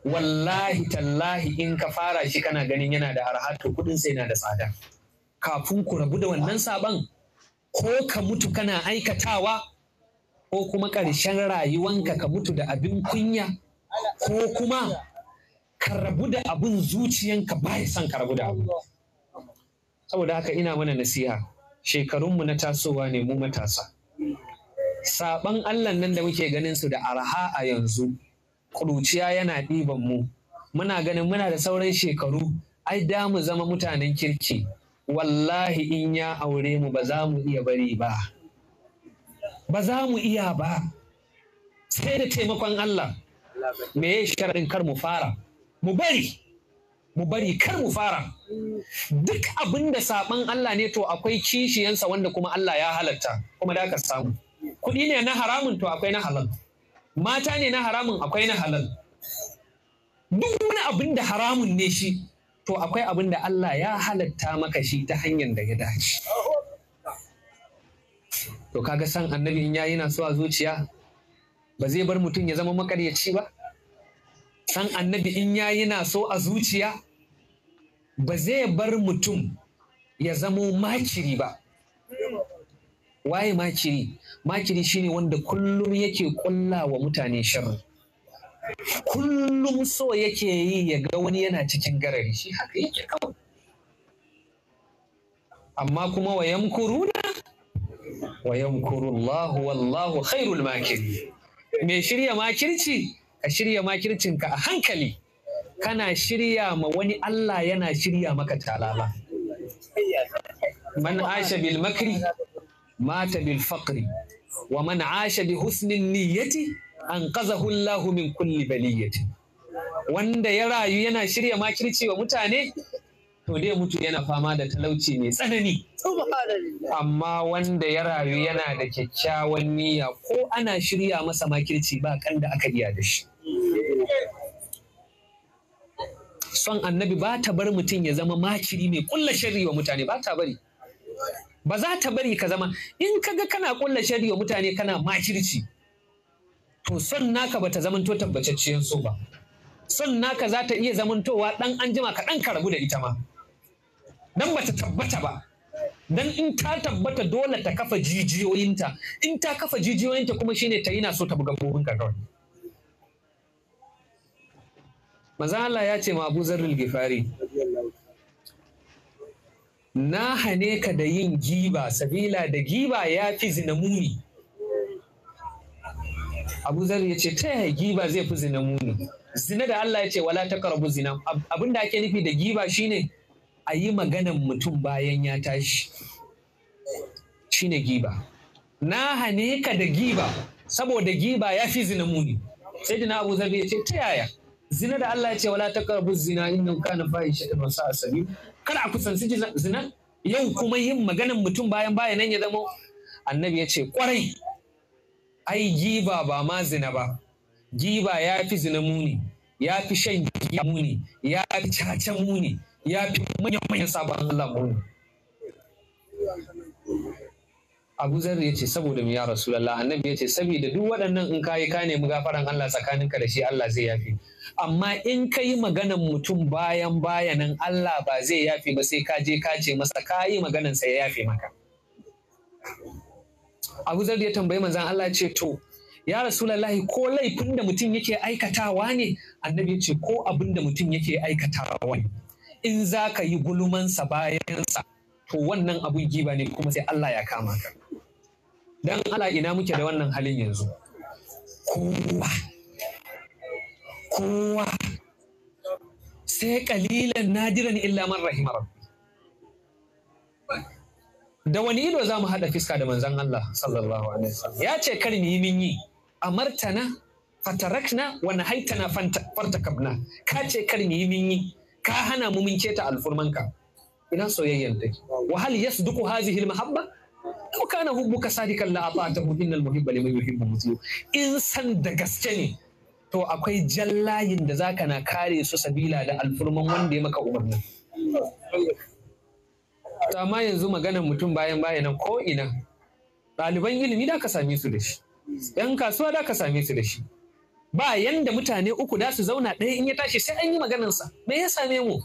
wallahi tallahi in ka fara shi kana ganin yana da arha to kudin sai yana da tsada kafin ku rabu da wannan saban ko ka mutu kana aikatawa ko kuma ƙarshen rayuwanka ka mutu da abin kunya ko kuma ka rabu da abin zuciyanka ba ya son ka rabu da abu saboda haka ina mana nasiha shekarunmu na tasowa ne mu matasa saban allah nan da muke ganin su da arha a yanzu kuruciya yana ɗiban mu muna ganin muna da sauran shekaru ai da mu zama mutanen kirki wallahi in ya aure mu ba za mu iya bari ba ba za mu iya ba sai da taimakon Allah me ya sharaɗin kar mu fara mu bari mu bari kar mu fara duk abin da saban Allah ne to akwai kishiyansa wanda kuma Allah ya halatta kuma da ka samu kuɗi ne na haramun to akwai na halal mata ne na haramun akwai na halal duk wani abin da haramun ne shi to akwai abin da Allah ya halatta maka shi ta hanyar da ya dace to kaga san annabi in yayi na so a zuciya ba zai bar mutum ya zama makaryaci ba san annabi in yayi na so a zuciya ba zai bar mutum ya zamo makiri ba waye makiri makiri shine wanda kullum yake kulla wa mutane sharri kullum so yake yi ya ga wani yana cikin garari shi haka yake kawai amma kuma wa yamkuruna wa yamkurullahu wallahu khairul makir me shirya makirci ka shirya makircinka a hankali kana shirya ma wani Allah yana shirya maka talala man asha bil makri mata bil faqri wa man asha bi husnin niyyati anqazahu Allah min kulli baliyati wanda ya rayu yana shirya makirci wa mutane to dai mutu yana fama da talauci mai tsanani amma wanda ya rayu yana da kyakkyawan niyya ko ana shirya masa makirci ba kan da aka iya da shi son annabi ba ta bar mutum ya zama makiri mai kulla shari wa mutane ba ta bari ba za ta bari ka zama in kaga kana kulla shari wa mutane kana makirci to son naka ba ta zamanto tabbatacciyar so ba son naka za ta iya zamantowa dan anjima ka dan ka rabu da ita ma dan bata tabbata ba dan in ta tabbata dole ta kafa jijiyoyinta in ta kafa jijiyoyinta kuma shine ta yi na so ta buga gobin ka kawai Allah ya ce ma Abu Zarrul Gifari na hane ka da yin giba sabila da giba ya fi zina Abu Zar ya ce ta yaya giba zai fi zina muni zina da Allah ya ce wala ta karabu zina abinda ake nufi da giba shine a yi maganan mutum bayan ya tashi shine giba na hane ka da giba saboda giba ya fi zina muni sai dina abu zabi ya ce ta yaya zina da Allah ya ce wala ta karbu zina innan kana shi da masu asali kada a kusanci zina yau kuma yin maganan mutum bayan bayan nan ya zama annabi ya ce kwarai ai giba ba ma zina ba giba ya fi zina muni ya fi shan giya muni ya fi caca muni ya fi manyan manyan sabon Allah mu Abu Zar ya ce saboda mu ya Rasulullah annabi ya ce saboda duk waɗannan in kai ka nemi gafaran Allah tsakaninka da shi Allah zai yafi amma in ka yi maganan mutum bayan bayanan Allah ba zai yafi ba sai ka je ka ce masa ka yi maganan sai ya yafi maka Abu Zar ya tambayi manzon Allah ce to ya Rasulullah ko laifin da mutum yake aikatawa ne annabi ya ce ko abin da mutum yake aikatawa ne in za ka yi gulumansa bayansa to wannan abun giba ne kuma sai Allah ya kama ka dan Allah ina muke da wannan halin yanzu kowa kowa sai kalilan nadiran illa man rahimar da wani ido za mu haɗa fiska da manzan Allah sallallahu alaihi wasallam ya ce kar mu yi min yi A amartana fatarakna wani haitana fartakabna ka ce kar mu yi min yi ka hana mu mun keta alfurmanka ina soyayyan take wa hal yasduqu hadhihi almahabba ko kana hubbuka sadikan la ata'tahu innal muhibba liman yuhibbu mutiu in san da gaske ne to akwai jallayin da zaka na kare su sabila da alfurman wanda ya maka umarni ta ma yanzu maganar mutum bayan bayan nan ko ina ɗaliban ilimi da ka same su da shi 'yan kasuwa da ka same su da shi ba yanda mutane uku da su zauna ɗaya in ya tashi sai an yi maganarsa me ya same mu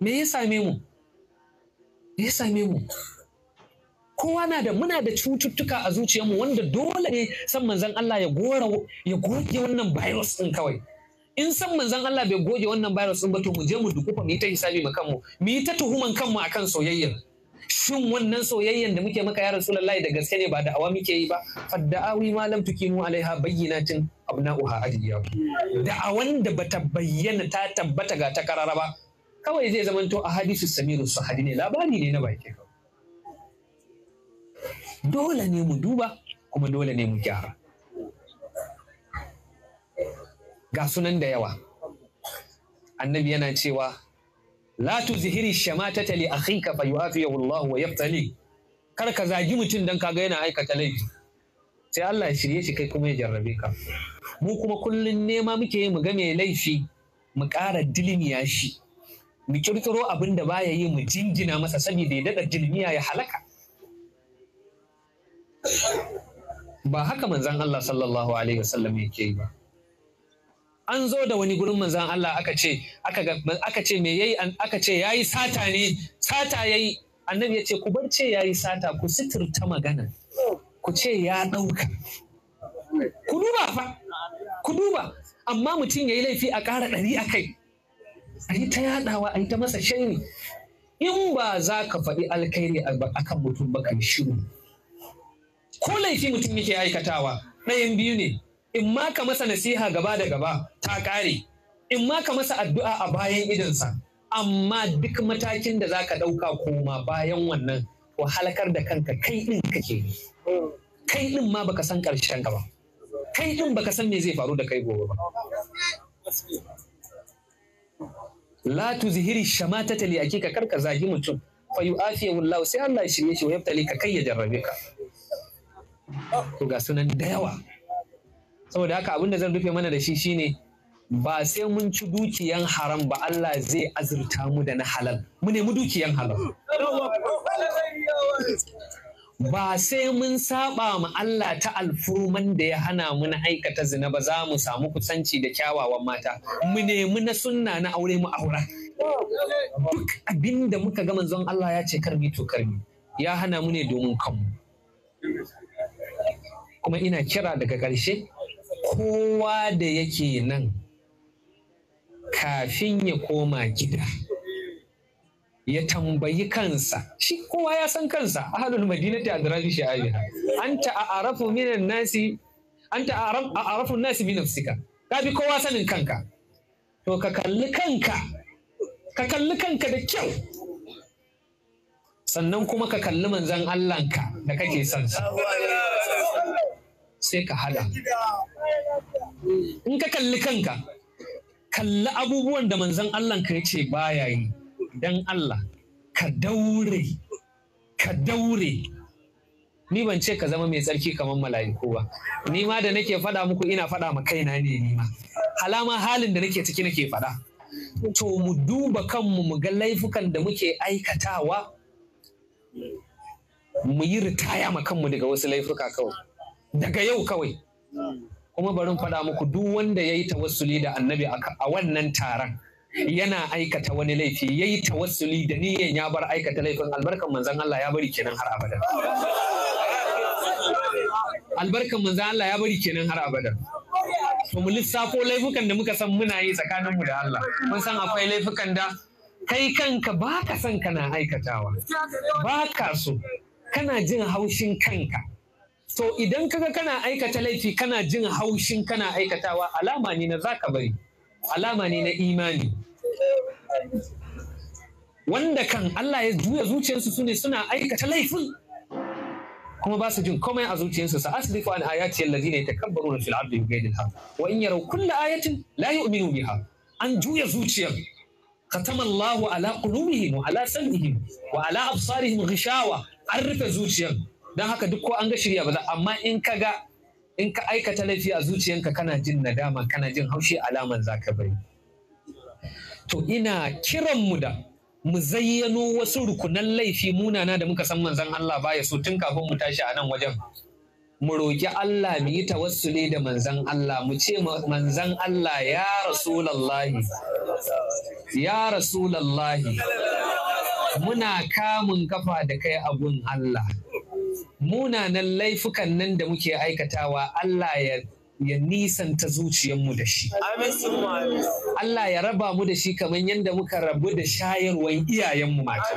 me ya same mu me ya same mu kowa na da muna da cututtuka a zuciyarmu wanda dole ne san manzon Allah ya gora ya goge wannan virus din kawai in san manzon Allah bai goge wannan virus din ba to mu je mu dukufa mu yi ta hisabi mu kanmu mu yi ta tuhuman kanmu akan soyayyar shin wannan soyayyen da muke maka ya rasulullahi da gaske ne ba da awa muke yi ba fadda'awi ma lam tukimu alaiha bayyinatin abna'uha adiya da'awan da bata bayyana ta tabbata ga ta karara ba kawai zai zamanto a hadisu samiru sahadi ne labari ne na baki dole ne mu duba kuma dole ne mu gyara ga sunan da yawa annabi yana cewa la tuzhiri shamatata li akhika fa ya Allah wa yaftali kar ka zagi mutum dan ga yana aikata laifi sai Allah ya shirye shi kai kuma ya jarrabe ka mu kuma kullun nema muke yi mu ga mai laifi mu ƙara dilmiya shi mu kirkiro abin da baya yi mu jingina masa saboda ya daɗa dilmiya ya halaka ba haka manzon Allah sallallahu alaihi wasallam yake yi ba an zo da wani gurin manzan Allah aka ce aka ce me yayi aka ce yayi sata ne sata yayi annabi ya ce ku bar ce yayi sata ku ta magana ku ce ya ɗauka ku duba fa ku duba amma mutum yayi laifi a ƙara ɗari a kai a yi ta yaɗawa a yi ta masa shaini in ba za ka faɗi alkhairi a kan mutum ba kan shiru ko laifi mutum yake aikatawa ɗayan biyu ne in ma ka masa nasiha gaba da gaba ta kare in ma ka masa addu'a a bayan idonsa amma duk matakin da za ka ɗauka koma bayan wannan ko halakar da kanka kai ɗin kake kai ɗin ma baka san ƙarshen ka ba kai ɗin baka san me zai faru da kai gobe ba la zihiri shamatata li akika karka zagi mutum fa yu'afiyahu Allah sai Allah ya shirye shi wa yaftali ka kai ya jarrabe ka sunan da yawa saboda haka abin da zan rufe mana da shi shine ba sai mun ci dukiyan haram ba Allah zai azurta mu da na halal mu nemi dukiyan halal ba sai mun saba ma Allah ta alfurman da ya hana mu na aikata zina ba za mu samu kusanci da kyawawan mata mu nemi na sunna na aure mu aura duk abin muka ga manzon Allah ya ce karbi to karbi ya hana mu ne domin kanmu kuma ina kira daga ƙarshe kowa da yake nan kafin ya koma gida ya tambayi kansa shi kowa ya san kansa ahadul madinati ta sha'abiha anta a'rafu minan nasi anta a'rafu nasi bi nafsika kafi kowa sanin kanka to ka kalli kanka ka kalli kanka da kyau sannan kuma ka kalli manzan Allahnka da kake son sa sai ka hada in ka kalli kanka kalli abubuwan da manzon Allah ka ce baya yi don Allah ka daure ka daure ni ban ce ka zama mai tsarki kamar mala'iku ba ni ma da nake faɗa muku ina faɗa ma kaina ne ni ma halama halin da nake ciki nake faɗa to mu duba kanmu mu ga laifukan da muke aikatawa mu yi ritaya ma kanmu daga wasu laifuka kawai daga yau kawai kuma bari faɗa muku duk wanda ya yi tawassuli da annabi a wannan taron yana aikata wani laifi ya yi tawassuli da niyan ya bar aikata laifin albarkan manzan Allah ya bari kenan har abada albarkan manzan Allah ya bari kenan har abada to mu lissafo laifukan da muka san muna yi tsakaninmu da Allah mun san akwai laifukan da kai kanka ba ka son kana aikatawa ba ka so kana jin haushin kanka to idan kaga kana aikata laifi kana jin haushin kana aikatawa alama ne na zaka bari alama ne na imani wanda kan Allah ya juya zuciyarsu su ne suna aikata laifin kuma ba su jin komai a zuciyarsu sa asrifu an ayati allazi ne takabbaru fil ardi bi haqq wa in yaraw kull ayatin la yu'minu biha an juya zuciyar Katamallahu ala qulubihim wa ala sam'ihim wa ala absarihim ghishawa an rufe zuciyar don haka duk ko an ga shirya ba za amma in ka ga in ka aikata laifi a zuciyanka kana jin nadama kana jin haushi alaman za ka bari to ina kiran mu da mu zayyano wasu rukunan laifi munana da muka san manzon Allah baya so tun kafin mu tashi a nan wajen mu roƙi Allah mu yi tawassuli da manzan Allah mu ce manzan Allah ya rasulallahi ya rasulallahi muna kamun kafa da kai abun Allah munanan laifukan nan da muke aikatawa Allah ya ya nisanta zuciyarmu da shi. Allah ya raba mu da shi kamar yadda muka rabu da shayarwan iyayenmu mata.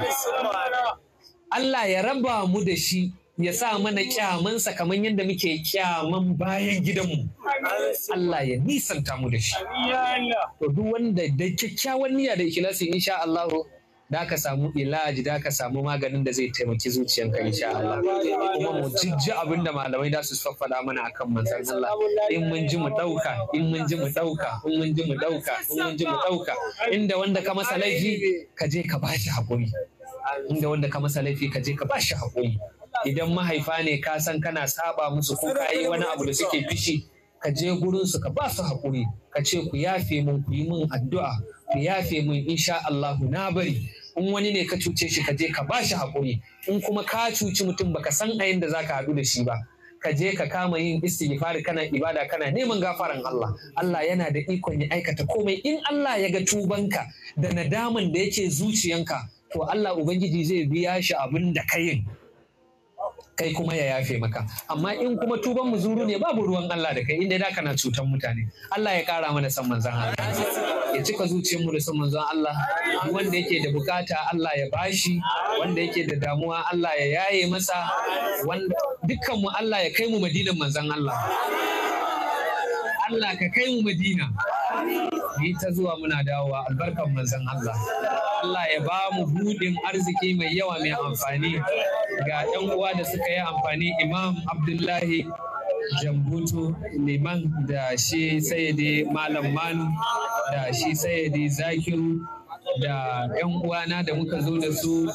Allah ya raba mu da shi ya sa mana kyamansa kamar yadda muke kyaman bayan gidanmu. Allah ya nisanta mu da shi. To duk wanda da kyakkyawan niyya da ikilasi insha Allah da ka samu ilaji da ka samu maganin da zai taimaki zuciyanka insha Allah kuma mu jijji abinda malamai da su faɗa mana akan manzon Allah in mun ji mu dauka in mun ji mu dauka in mun ji mu dauka in mun ji mu dauka inda wanda ka masa laifi ka je ka bashi hakuri inda wanda ka masa laifi ka je ka bashi hakuri idan mahaifa ne ka san kana saba musu ko ka yi wani abu da suke fishi ka je gurin su ka ba su hakuri ka ce ku yafe mun ku yi mun addu'a ku yafe mun insha Allah na bari in wani ne ka cuce shi ka je ka ba shi haƙuri in kuma ka cuci mutum baka san a yadda zaka haɗu da shi ba ka je ka kama yin istighfari kana ibada kana neman gafaran Allah Allah yana da ikon ya aikata komai in Allah ya ga tubanka da nadaman da yake zuciyanka to Allah ubangiji zai biya shi abin da ka yin kai kuma ya yafe maka amma in kuma tuban zuru ne babu ruwan Allah da kai inda da kana cutan mutane Allah ya kara mana san manzon Allah ya cika zuciyarmu da san manzon Allah wanda yake da bukata Allah ya bashi wanda yake da damuwa Allah ya yaye masa wanda dukkan mu Allah ya kai mu madinan manzon Allah Allah ka kai mu madina yi ta zuwa muna dawowa albarkan manzon Allah Allah ya ba mu buɗin arziki mai yawa mai amfani ga 'yan uwa da suka yi amfani imam abdullahi jambutu liman da shi sayyidi malam manu da shi sayyidi zakiru da 'yan uwana da muka zo da su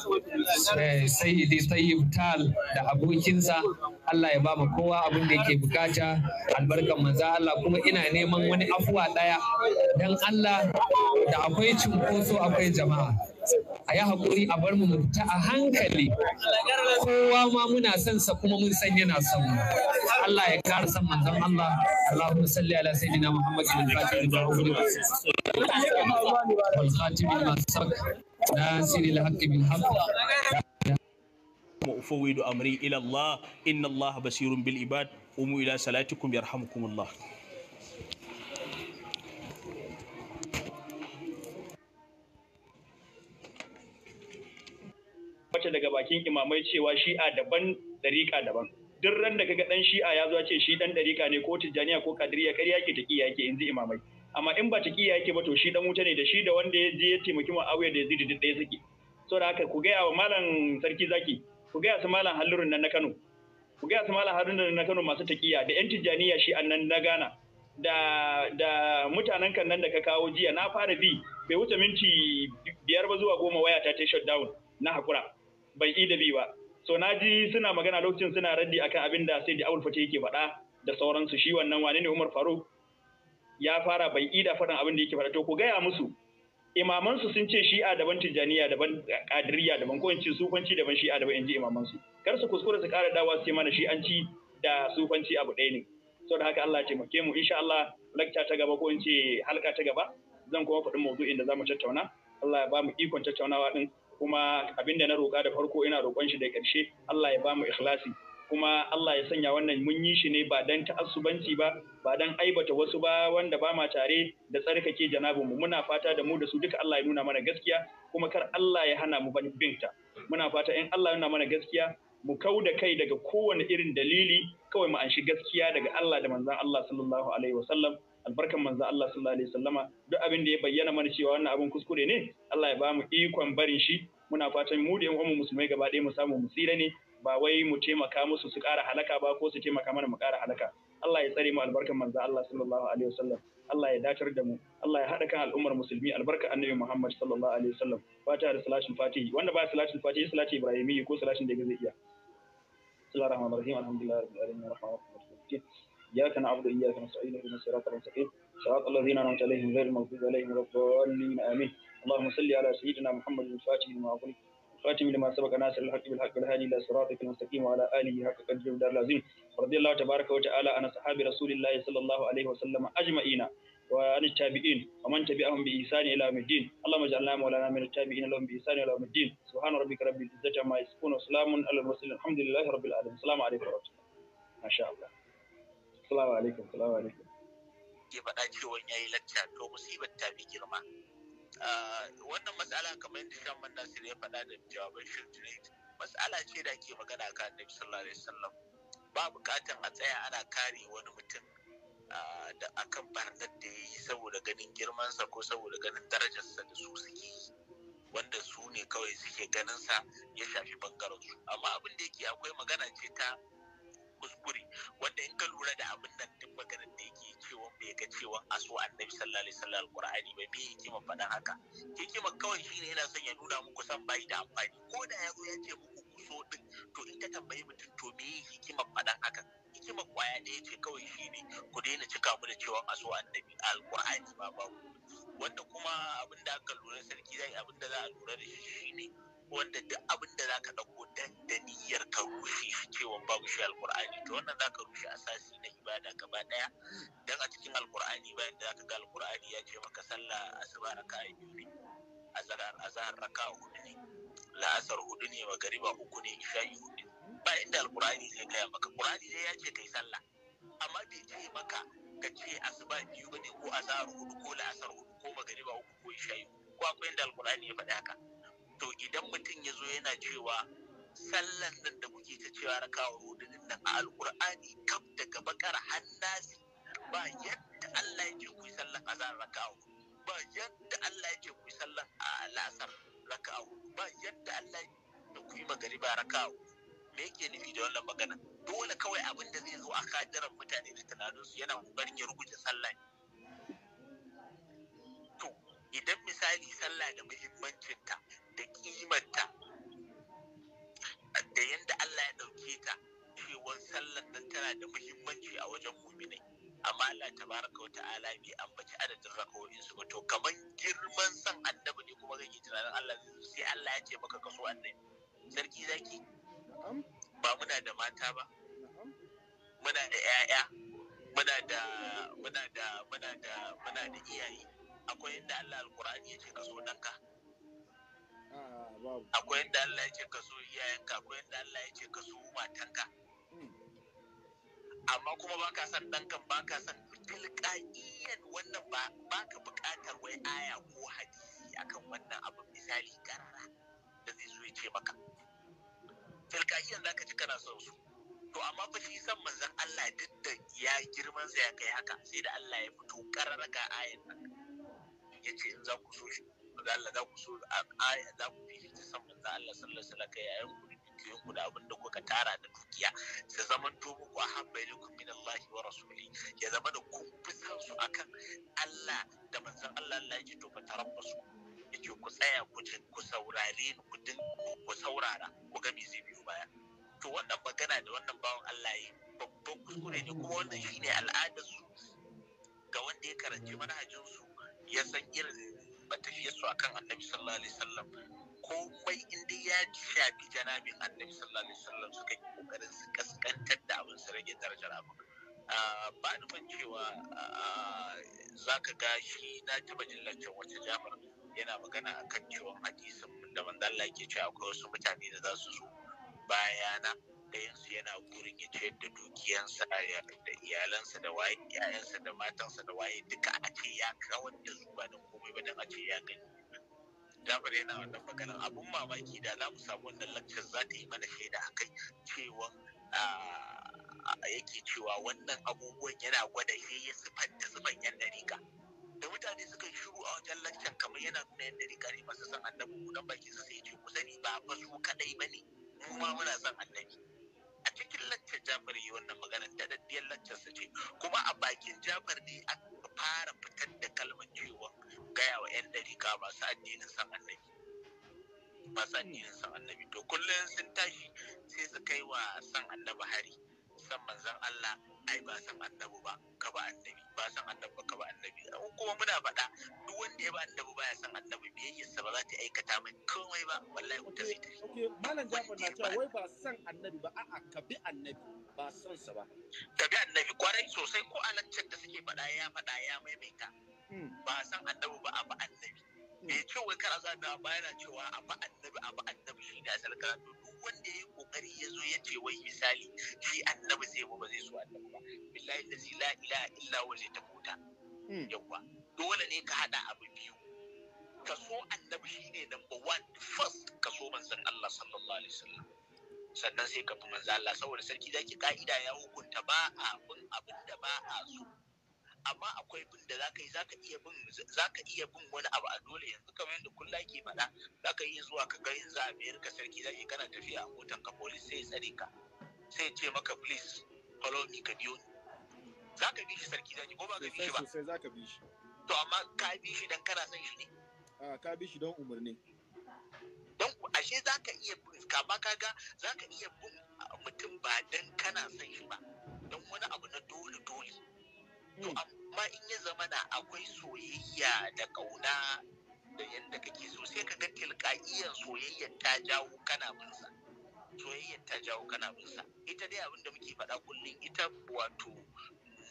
Eh, sayyidi tayyib tal da abokinsa Allah ya ba mu kowa abin da yake bukata albarkar manza Allah kuma ina neman wani afuwa daya dan Allah da akwai cunkoso akwai jama'a a yi haƙuri a bar mu ta a hankali kowa ma muna son sa kuma mun san yana son mu Allah ya kara san manzon Allah Allahu salli ala sayyidina Muhammad bin Fatih bin Wal khatib ناصر الحق بالحق وأفوض أمري إلى الله إن الله بصير بالعباد قوموا إلى صلاتكم يرحمكم الله wace daga bakin imamai cewa shi'a daban dariƙa daban duk ran da kaga dan shi'a ya zo ce shi dan dariƙa ne ko tijjaniya ko kadiriya kariya ke take yake inji imamai amma in ba kiya yake ba to shi dan wuta ne da shi da wanda ya je ya taimaki Muawiya da Yazid da ya suke saboda haka ku gaya wa malam sarki zaki ku gaya su malam halurun nan na Kano ku gaya su malam halurun nan na Kano masu takiya da yan tijaniya shi a nan na gana da da mutanen kan nan da ka kawo jiya na fara bi bai wuce minti biyar ba zuwa goma waya ta ta down na hakura ban yi da bi ba so na ji suna magana lokacin suna raddi akan abin da sai da Abul Fati yake faɗa da sauransu shi wannan wane ne Umar Faruk ya fara bai ida faɗin abin da yake faɗa to ku gaya musu imamansu sun ce shi'a daban tijaniya daban kadiriya daban ko in ce sufanci daban shi'a daban in ji imamansu kar su kuskura su ƙara dawa su ce mana shi'anci da sufanci abu ɗaya ne saboda haka Allah ya taimake mu insha Allah lakta ta gaba ko in ce halka ta gaba zan kuma faɗi mawdu'in da zamu tattauna Allah ya ba mu ikon tattaunawa din kuma abinda na roƙa da farko ina roƙon shi da ƙarshe Allah ya ba mu ikhlasi kuma Allah ya sanya wannan mun yi shi ne ba dan ta'assubanci ba ba dan aibata wasu ba wanda ba ma tare da tsarkake janabinmu muna fata da mu da su duka Allah ya nuna mana gaskiya kuma kar Allah ya hana mu bin ta. muna fata in Allah ya nuna mana gaskiya mu kau da kai daga kowane irin dalili kawai mu anshi gaskiya daga Allah da manzon Allah sallallahu alaihi wasallam albarkan manzo Allah sallallahu alaihi wasallama duk abin da ya bayyana mana cewa wannan abin kuskure ne Allah ya ba mu ikon barin shi muna fatan mu da ƴan uwan musulmai gaba ɗaya mu samu mu tsira ne ba wai mu taimaka musu su ƙara halaka ba ko su taimaka mana mu ƙara halaka Allah ya tsare mu albarkan manzo Allah sallallahu alaihi wasallam Allah ya dacar da mu Allah ya haɗa kan al'ummar musulmi albarka annabi Muhammad sallallahu alaihi wasallam fatiha da salatin fatihi wanda ba salatin fatihi salati ibrahimi ko salatin da zai iya bismillahir rahmanir rahim alhamdulillahi rabbil alamin arrahmanir rahim إياك نعبد وإياك نستعين اهدنا الصراط المستقيم صراط الذين أنعمت عليهم غير المغضوب عليهم ولا الضالين آمين اللهم صل على سيدنا محمد الفاتح لما أغلق واتم لما سبق ناصر الحق بالحق والهادي الى صراطك المستقيم وعلى اله حق قدره ودار العظيم رضي الله تبارك وتعالى عن اصحاب رسول الله صلى الله عليه وسلم اجمعين وعن التابعين ومن تبعهم بإحسان إلى يوم الدين اللهم اجعلنا مولانا من التابعين لهم بإحسان إلى يوم الدين سبحان ربك رب العزة عما يصفون وسلام على المرسلين الحمد لله رب العالمين السلام عليكم ورحمة الله ما شاء الله السلام عليكم السلام عليكم ke faɗa cewa ya yi lacca to musibar ta fi girma Ah, wannan matsala kamar yadda shan man nasir ya faɗa da jawaban shirjinai matsala ce da ake magana a kan nabi sallallahu alaihi wasallam ba bukatan a tsaya ana kare wani mutum ah, da akan barnar da ya yi saboda ganin girmansa ko saboda ganin darajarsa da su suke yi wanda su ne kawai suke ganinsa ya shafi bangaren su amma abin da yake akwai magana ce ta kuskure wanda in ka lura da abin nan duk maganar da yake cewa bai ga cewa a so annabi sallallahu alaihi wasallam alqur'ani ba me ma fadan haka ma kawai shine yana son ya nuna muku san bai da amfani ko da ya zo ya ce muku ku so din to in ta tambayi mutum to me ma fadan haka ma kwaya da ce kawai shine ku daina cika mu da cewa a so annabi alqur'ani ba ba wanda kuma abin aka lura sarki zai abin da za a lura da shi shine wanda duk abin da zaka dauko dan da ka rushe shi cewa babu shi alkur'ani to wannan zaka rushe asasi na ibada gaba daya. dan a cikin alkur'ani bayan da zaka ga alkur'ani ya ce maka sallah asuba raka biyu ne azhar raka hudu ne la'asar hudu ne magariba uku ne isha'i hudu ba inda alkur'ani zai gaya maka qur'ani dai ya ce kai sallah amma bai ce maka ka ce asuba biyu ne ko azhar hudu ko la'asar hudu ko magariba uku ko isha'i ko akwai inda alkur'ani ya faɗa haka to idan mutum ya zo yana cewa sallan nan da kuke ta cewa rakawa hudunin nan a alkur'ani kaf daga bakar hannasi ba yadda Allah ya ce ku a sallan azan ba yadda Allah ya ce ku sallan a lasar rakawo. ba yadda Allah ya ce ku yi magariba rakawo. me yake nufi da wannan magana dole kawai abin da zai zo a kadiran mutane da tunaninsu yana kokarin ya rubuta sallah idan misali sallah da muhimmancinta da kimanta da yadda Allah ya ɗauke ta cewar sallar nan tana da muhimmanci a wajen mumini amma Allah tabaraka wa ta'ala bai ambaci adadin rakawoyin su ba to kaman girman san annabi ne kuma yi tunanin Allah sai Allah ya ce maka kaso annabi sarki zaki ba muna da mata ba muna da 'ya'ya muna da muna da muna da muna da iyaye akwai inda Allah alqur'ani yake kaso danka akwai yadda Allah ya ce ka so iyayenka akwai yadda Allah ya ce ka so matanka hmm. amma kuma ba ka san ɗankan ba ka san tilkaiyan wannan ba ka buƙatar wai aya ko hadisi akan wannan abu misali karara da zai zo ya ce maka tilkaiyan za ka ci kana son su to amma fa shi san manzon Allah duk da ya girman sa ya kai haka sai da Allah ya fito kararraka ayan nan yace in za ku so shi manzon Allah za ku so ayan za ku fi. san manzo Allah sallallahu alaihi wasallam kai ayyukan ku dukiyoyin ku da abin da kuka tara da dukiya su zaman to mu ahabba ilaikum min Allah wa rasuli ya zama da ku fi san su akan Allah da manzon Allah Allah ya to fa tarabbasu yake ku tsaya ku ku saurare ku din ku saurara ku ga me zai biyo baya to wannan magana da wannan bawon Allah yi babban kuskure ne kuma wannan shine al'adarsu su ga wanda ya karanci manhajin su ya san irin matafiyar su akan annabi sallallahu alaihi wasallam komai in dai ya shafi janabin annabi sallallahu alaihi wasallam suka yi kokarin su kaskantar da abin su rage darajar abin ah, ba ni ban cewa ah, za ka ga shi na taba jin lantar wata yana magana a kan ciwon hadisin da manzalla ke cewa akwai wasu mutane da za su zo bayana ɗayansu yana gurin ya ce da dukiyansa da iyalansa da waye iyayensa da matansa da waye duka a ce ya kawar da zuba da komai ba don a ce ya gani Jafar yana wannan magana abun mamaki da za mu samu wannan lakcin za ta yi mana shaida a kai cewa yake cewa wannan abubuwan yana gwada shi ya da sifan yan dariƙa da mutane suka yi shiru a wajen lakcin kamar yana nuna yan dariƙa ne masu san annabi mu dan baki su sai ce ku sani ba fa su kadai bane mu ma muna san annabi a cikin lakcin Jafar yi wannan magana da daddiyar su ce kuma a bakin Jafar ne aka fara fitar da kalmar cewa gaya wa 'yan ɗarika masu addinin san annabi masu addinin san annabi to kullum sun tashi sai su kai wa san annabi hari san manzan Allah ai ba san annabi ba ka ba annabi ba san annabi ba ka ba annabi kuma muna faɗa duk wanda ya ba annabi baya san annabi sa ba za ta aikata mai komai ba wallahi wuta zai ta okay malam Jafar na cewa wai ba san annabi ba a'a ka bi annabi ba san sa ba ka bi annabi kwarai sosai ko a da suke faɗa ya faɗa ya maimaita ba a san annabi ba a ba annabi Me hmm. ce wai kar a da ba yana cewa a ba annabi a ba annabi shi ne asal karatu duk wanda ya yi kokari ya zo ya ce wai misali shi annabi zai ba ba zai so annabi ba billahi lazi la ilaha illa wa zai tafuta hmm. yawwa dole ne ka hada abu biyu kaso annabi shi ne number one first kaso manzon Allah sallallahu alaihi wasallam sannan sai ka fi manzo Allah saboda sarki zaki ka'ida ya hukunta ba a abin da ba a so amma akwai bin da zaka yi zaka iya bin zaka iya bin wani abu a dole yanzu kamar yadda kulla ke faɗa zaka iya zuwa ka ga yanzu a ka sarki zaki kana tafiya a motan ka police sai tsare ka sai ce maka please follow me ka biyo ni zaka bi shi sarki zaki ko ba ka bi shi ba sai zaka bi shi to amma ka bi shi dan kana son shi ne a ka bi shi don umarni don ashe zaka iya bin kama kaga zaka iya bin mutum ba dan kana son shi ba don wani abu na dole dole to mm. amma in ya zama zamana akwai soyayya da ƙauna da yadda kake so sai ka ga tilka'iyyar soyayyar ta jawo kana binsa soyayyar ta jawo kana binsa ita dai abin da muke faɗa kullum ita wato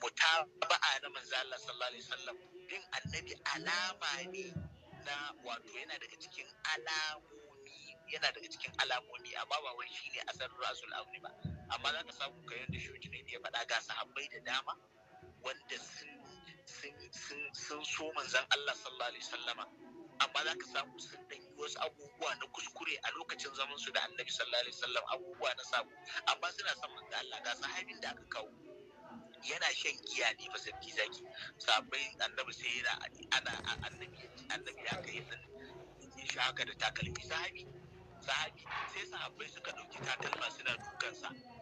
mutaba'a na manzo sallallahu alaihi wasallam bin annabi alama ne na wato yana daga cikin alamomi yana daga cikin alamomi amma ba wai shine asalin rasul amri ba amma zaka samu kayan da ne ya faɗa ga sahabbai da dama wanda sun so manzan Allah sallallahu alaihi sallama amma za ka samu sun dan wasu abubuwa na kuskure a lokacin zaman su da annabi sallallahu alaihi sallam abubuwa na samu amma suna son manzan Allah ga sahabin da aka kawo yana shan giya ne fa sarki zaki sabai annabi sai yana ana annabi annabi ya kai sun shi haka da takalmi sahabi sahabi sai sahabbai suka dauki takalma suna dukansa